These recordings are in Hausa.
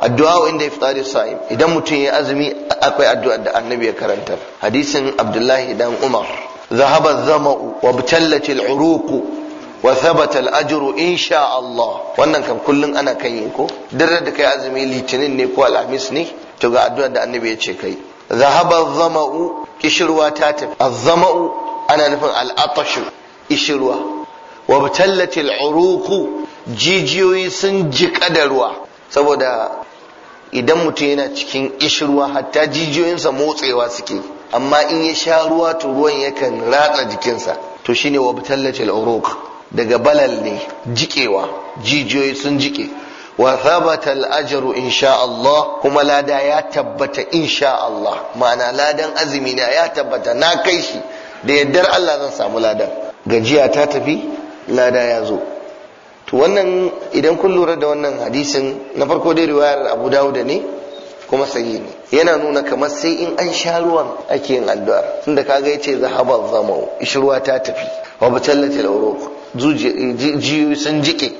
addu'a inda iftari sa'im idan mutum ya azumi akwai addu'a da annabi ya karanta hadisin abdullahi dan umar zahaba zama'u wa btallati al'uruqu wa thabata al'ajru insha Allah wannan kan kullun ana kan yi ko dare da kai azumi litinin ne ko alhamis ne to ga addu'a da annabi ya ce kai zahaba zama'u kishirwa ta tafi az ana nufin al-atashu ishirwa wa btallati jijiyoyi sun jika da ruwa saboda idan mutum yana cikin ishirwa hatta jijiyoyinsa motsewa suke amma in ya sha ruwa to ruwan yakan ratsa jikinsa to shine wa tallace uruq daga balal ne jikewa jijiyoyi sun jike wa thabata al insha Allah kuma lada ya tabbata insha Allah ma'ana ladan azumi na ya tabbata na kai shi da yaddar Allah zan samu ladan gajiya ta tafi lada ya zo to wannan idan kun lura da wannan hadisin na farko dai riwayar abu dawud ne kuma sahi ne yana nuna kamar sai in an sha ruwan ake yin addu'a tunda kaga yace zahaba zamau ishruwa ta tafi wa batallatil uruq ji sun jike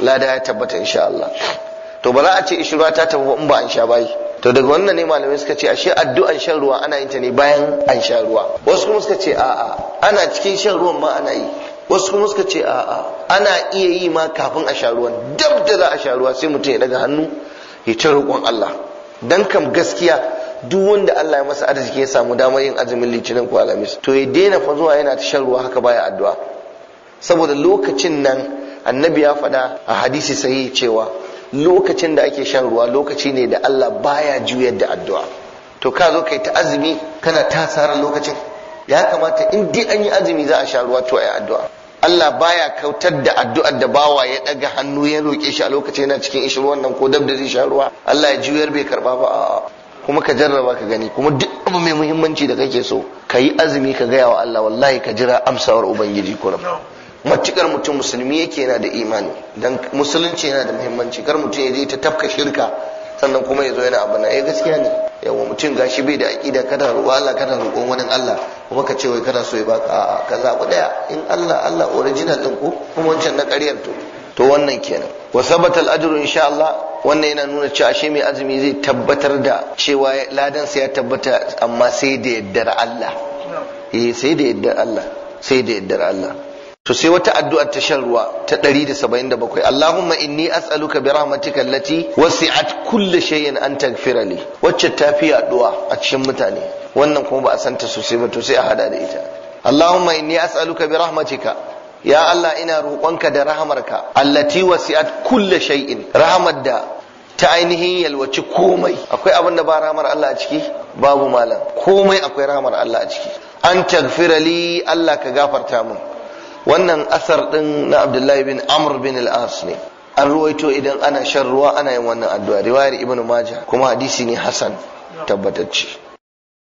lada ya tabbata insha Allah to ba za a ce ishruwa ta tafi in ba an sha bai to daga wannan ne malamai suka ce ashe addu'an shan ruwa ana yin ta ne bayan an sha ruwa wasu kuma suka ce a'a ana cikin shan ruwan ma ana yi wasu kuma suka ce a'a ana iya yi ma kafin a sha ruwa, dab da za a sha ruwa sai mutum ya daga hannu ya ci roƙon Allah dan kam gaskiya duk wanda Allah ya masa arziki ya samu damar yin azumin litinin ko alhamis to ya daina fa zuwa yana ta shan ruwa haka baya addu'a saboda lokacin nan annabi ya faɗa a hadisi sahihi cewa lokacin da ake shan ruwa lokaci ne da Allah baya juyar da addu'a to ka zo kai ta azumi kana ta lokacin ya kamata in dai an yi azumi za a sha ruwa to ayi addu'a Allah baya kautar da addu'ar da bawa ya daga hannu ya roke shi a lokacin yana cikin ishin wannan ko dab da zai sha ruwa Allah ya juyar bai karba ba kuma ka jarraba ka gani kuma duk abu mai muhimmanci da kake so ka yi azumi ka gaya wa Allah wallahi ka jira amsawar ubangiji kullum matukar mutum musulmi yake yana da imani dan musulunci yana da muhimmanci kar mutum ya je ta tafka shirka sannan kuma ya zo yana abu na eh, gaskiya ne mutum gashi bai da aƙida kana ruwa Allah kana roƙon wani Allah kuma ka ce wai kana so ya baka ka zaɓi ɗaya in Allah Allah original ɗin ko kuma wancan na ƙaryar to to wannan kenan wa sabata al-ajru insha Allah wannan yana nuna cewa ashe mai azumi zai tabbatar da cewa ladan sa ya tabbata amma sai da yaddar Allah eh sai da yaddar Allah sai da yaddar Allah to sai wata addu'ar ta shan ruwa ta 177 Allahumma inni as'aluka bi rahmatika allati wasi'at kulli shay'in an taghfira li wacce ta fi addu'a a cikin mutane wannan kuma ba a san ta sosai ba to sai a hada da ita Allahumma inni as'aluka bi rahmatika ya Allah ina roƙonka da rahamarka allati wasi'at kulli shay'in Rahmat da ta ainihin yalwaci komai akwai abin da ba rahmar Allah a ciki babu malam komai akwai rahmar Allah a ciki an tagfirali Allah ka gafarta mun. wannan asar din na abdullahi bin amr bin al-as ne an ruwaito idan ana shan ruwa ana yin wannan addu'a riwayar ibnu majah kuma hadisi ne Hassan tabbatacce